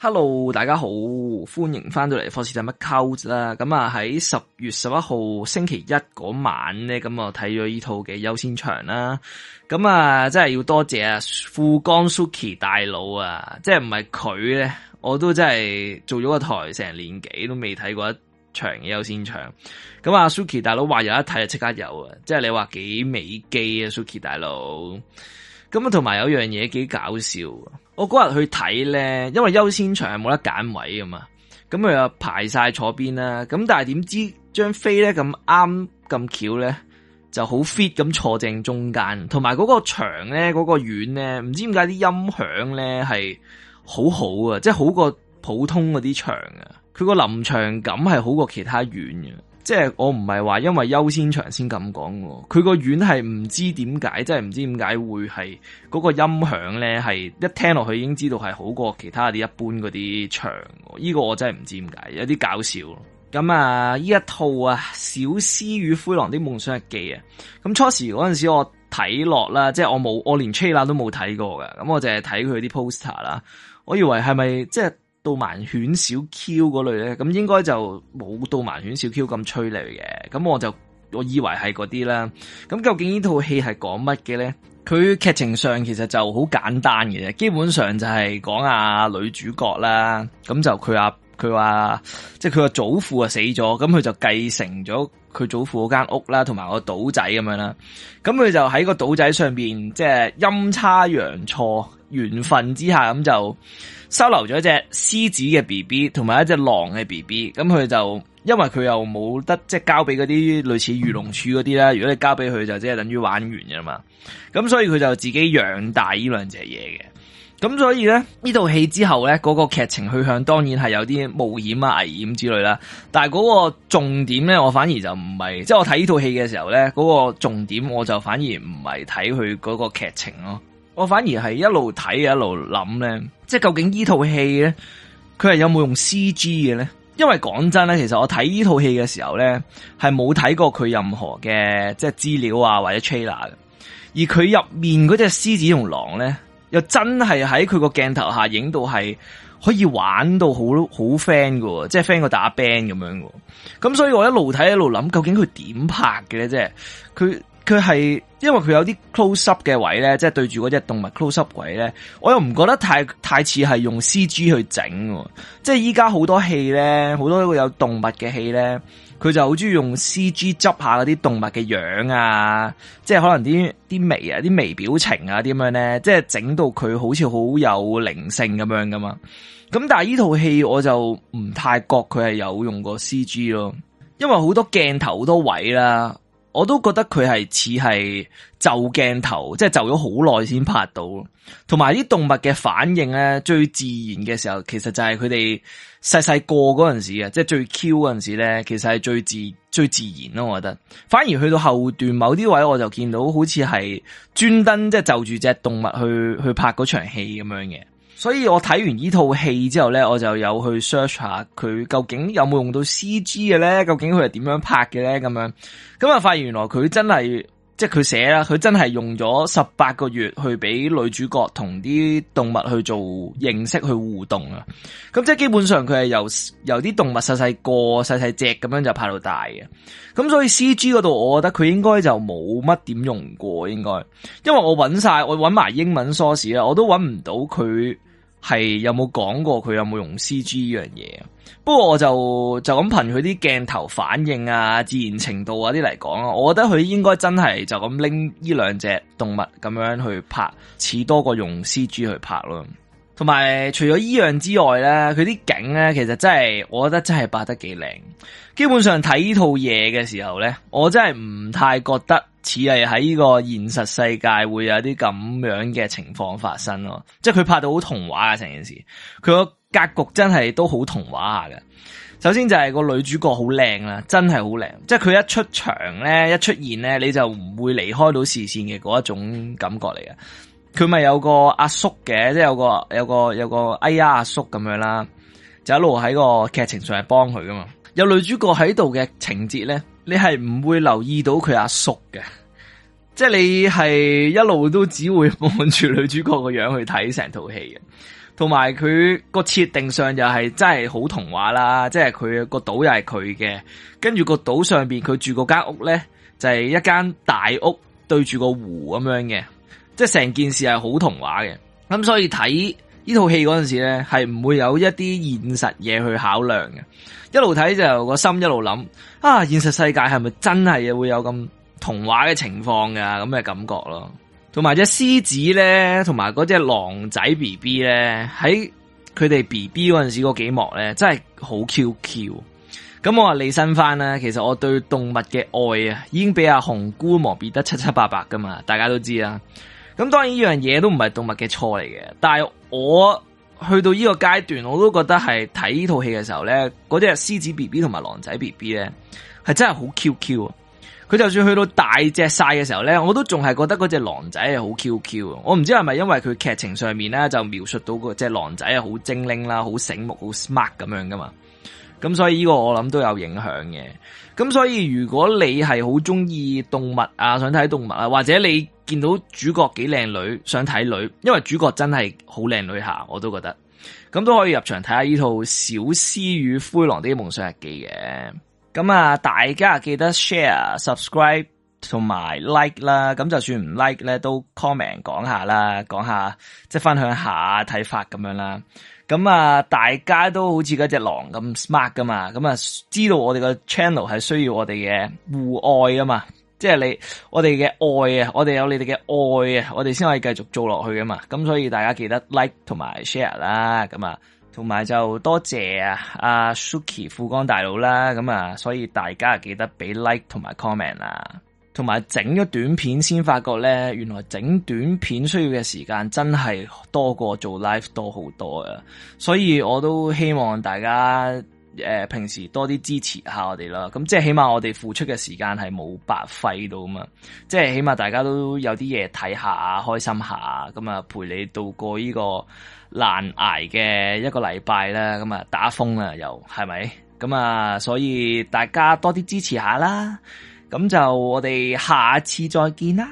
hello，大家好，歡迎翻到嚟《貨市大乜溝》啦。咁啊，喺十月十一號星期一嗰晚咧，咁啊睇咗呢套嘅優先場啦。咁啊，真係要多謝啊富江 Suki 大佬啊，即係唔係佢咧，我都真係做咗個台成年幾都未睇過一場嘅優先場。咁啊，Suki 大佬話有一睇就即刻有啊，即係你話幾美機啊，Suki 大佬。咁啊，同埋有樣嘢幾搞笑。我嗰日去睇咧，因為優先場係冇得揀位噶嘛，咁佢又排晒坐邊啦。咁但係點知張飛咧咁啱咁巧咧，就好 fit 咁坐正中間。同埋嗰個場咧，嗰個院咧，唔知點解啲音響咧係好好啊，即係好過普通嗰啲場啊。佢個臨場感係好過其他院嘅。即係我唔係話因為優先場先咁講嘅，佢個院係唔知點解，即係唔知點解會係嗰、那個音響咧，係一聽落去已經知道係好過其他啲一般嗰啲場，呢、這個我真係唔知點解，有啲搞笑咯。咁啊，呢一套啊《小詩與灰狼的夢想日記》啊，咁初時嗰陣時我睇落啦，即係我冇，我連 Chella 都冇睇過嘅，咁我淨係睇佢啲 poster 啦，我以為係咪即係？導盲犬小 Q 嗰類咧，咁應該就冇導盲犬小 Q 咁催淚嘅，咁我就我以為係嗰啲啦。咁究竟戲，呢套戲係講乜嘅咧？佢劇情上其實就好簡單嘅啫，基本上就係講阿女主角啦，咁就佢阿佢話，即係佢個祖父啊死咗，咁佢就繼承咗佢祖父嗰間屋啦，同埋個島仔，咁樣啦。咁佢就喺個島仔上邊，即係陰差陽錯。緣分之下咁就收留咗一隻獅子嘅 B B 同埋一隻狼嘅 B B，咁佢就因為佢又冇得即係交俾嗰啲類似育龍處嗰啲啦，如果你交俾佢就即係等於玩完㗎嘛，咁所以佢就自己養大呢兩隻嘢嘅，咁所以咧呢套戲之後咧嗰個劇情去向當然係有啲冒險啊危險之類啦，但係嗰個重點咧我反而就唔係，即係我睇呢套戲嘅時候咧嗰個重點我就反而唔係睇佢嗰個劇情咯。我反而係一路睇一路諗咧，即係究竟呢套戲咧，佢係有冇用 CG 嘅咧？因為講真咧，其實我睇呢套戲嘅時候咧，係冇睇過佢任何嘅即係資料啊或者 trailer 嘅。而佢入面嗰隻獅子同狼咧，又真係喺佢個鏡頭下影到係可以玩到好好 friend 嘅，即係 friend 個打 band 咁樣嘅。咁所以我一路睇一路諗，究竟佢點拍嘅咧？即係佢。佢係因為佢有啲 close up 嘅位咧,即係對住嗰隻動物 close up 位咧，我又唔覺得太太似係用 C G 去整，即係依家好多戲咧，好多有動物嘅戲咧，佢就好中意用 C G 執下嗰啲動物嘅樣啊，即係可能啲啲微啊，啲微表情啊，啲咁樣咧，即係整到佢好似好有靈性咁樣噶嘛。咁但係呢套戲我就唔太覺佢係有用過 C G 咯，因為好多鏡頭好多位啦。我都覺得佢係似係就鏡頭，即係就咗好耐先拍到。同埋啲動物嘅反應咧，最自然嘅時候，其實就係佢哋細細個嗰陣時啊，即係最 Q 嗰陣時咧，其實係最自最自然咯、啊。我覺得，反而去到後段某啲位，我就見到好似係專登即係就住隻動物去去拍嗰場戲咁樣嘅。所以我睇完依套戲之後咧，我就有去 search 下佢究竟有冇用到 CG 嘅咧？究竟佢係點樣拍嘅咧？咁樣咁啊，發現原來佢真係即係佢寫啦，佢真係用咗十八個月去俾女主角同啲動物去做認識去互動啊！咁即係基本上佢係由由啲動物細細個細細隻咁樣就拍到大嘅。咁所以 CG 嗰度，我覺得佢應該就冇乜點用過，應該，因為我揾晒，我揾埋英文 source 啦，我都揾唔到佢。係有冇講過佢有冇用 CG 呢樣嘢？不過我就就咁憑佢啲鏡頭反應啊、自然程度啊啲嚟講啊，我覺得佢應該真係就咁拎呢兩隻動物咁樣去拍，似多過用 CG 去拍咯。同埋除咗呢樣之外咧，佢啲景咧其實真係，我覺得真係拍得幾靚。基本上睇呢套嘢嘅時候咧，我真係唔太覺得。似係喺呢個現實世界會有啲咁樣嘅情況發生咯，即係佢拍到好童話啊成件事，佢個格局真係都好童話嘅。首先就係個女主角好靚啦，真係好靚，即係佢一出場咧，一出現咧，你就唔會離開到視線嘅嗰一種感覺嚟嘅。佢咪有個阿叔嘅，即係有個有個有個哎呀阿叔咁樣啦，就一路喺個劇情上係幫佢噶嘛。有女主角喺度嘅情節咧，你係唔會留意到佢阿叔嘅，即係你係一路都只會望住女主角個樣去睇成套戲嘅，同埋佢個設定上又係真係好童話啦，即係佢個島又係佢嘅，跟住個島上邊佢住嗰間屋咧就係一間大屋對住個湖咁樣嘅，即係成件事係好童話嘅，咁所以睇。呢套戲嗰陣時咧，係唔會有一啲現實嘢去考量嘅。一路睇就個心一路諗，啊，現實世界係咪真係會有咁童話嘅情況噶？咁嘅感覺咯。同埋隻獅子咧，同埋嗰隻狼仔 B B 咧，喺佢哋 B B 嗰陣時嗰幾幕咧，真係好 Q Q。咁、嗯、我話你身翻啦，其實我對動物嘅愛啊，已經俾阿紅姑磨滅得七七八八噶嘛，大家都知啦。咁當然呢樣嘢都唔係動物嘅錯嚟嘅，但係我去到呢個階段，我都覺得係睇呢套戲嘅時候咧，嗰隻獅子 B B 同埋狼仔 B B 咧，係真係好 Q Q 啊！佢就算去到大隻晒嘅時候咧，我都仲係覺得嗰隻狼仔係好 Q Q 啊！我唔知係咪因為佢劇情上面咧就描述到嗰隻狼仔係好精靈啦，好醒目，好 smart 咁樣噶嘛？咁所以呢個我諗都有影響嘅。咁所以如果你係好中意動物啊，想睇動物啊，或者你。見到主角幾靚女，想睇女，因為主角真係好靚女下，我都覺得，咁都可以入場睇下呢套《小詩與灰狼啲夢想日記》嘅。咁啊，大家記得 share、subscribe 同埋 like 啦，咁就算唔 like 咧都 comment 講下啦，講下即係分享下睇法咁樣啦。咁啊，大家都好似嗰隻狼咁 smart 噶嘛，咁啊知道我哋個 channel 係需要我哋嘅互愛啊嘛。即係你，我哋嘅愛啊，我哋有你哋嘅愛啊，我哋先可以繼續做落去噶嘛。咁所以大家記得 like 同埋 share 啦，咁啊，同埋就多謝啊阿 Suki 富江大佬啦，咁啊，所以大家記得俾 like 同埋 comment 啊，同埋整咗短片先發覺咧，原來整短片需要嘅時間真係多過做 live 多好多啊。所以我都希望大家。誒，平時多啲支持下我哋啦，咁即係起碼我哋付出嘅時間係冇白費到啊嘛，即係起碼大家都有啲嘢睇下啊，開心下，咁啊陪你度過呢個難捱嘅一個禮拜啦，咁啊打風啦又係咪？咁啊，所以大家多啲支持下啦，咁就我哋下次再見啦。